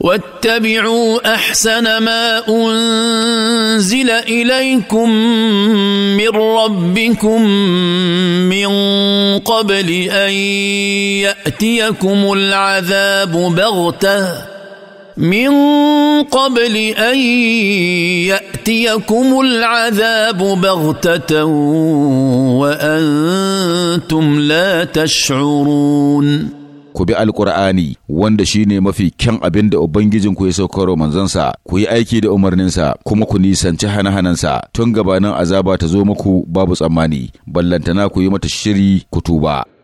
واتبعوا احسن ما انزل اليكم من ربكم من قبل ان ياتيكم العذاب بغته من قبل ان ياتيكم العذاب بغته وانتم لا تشعرون ku bi alkur'ani wanda shine mafi kyan abin da ubangijin ku ya manzon manzansa ku yi aiki da umarninsa kuma ku nisanci hana-hanansa tun gabanin azaba ta zo muku babu tsammani ballantana ku yi mata shiri ku tuba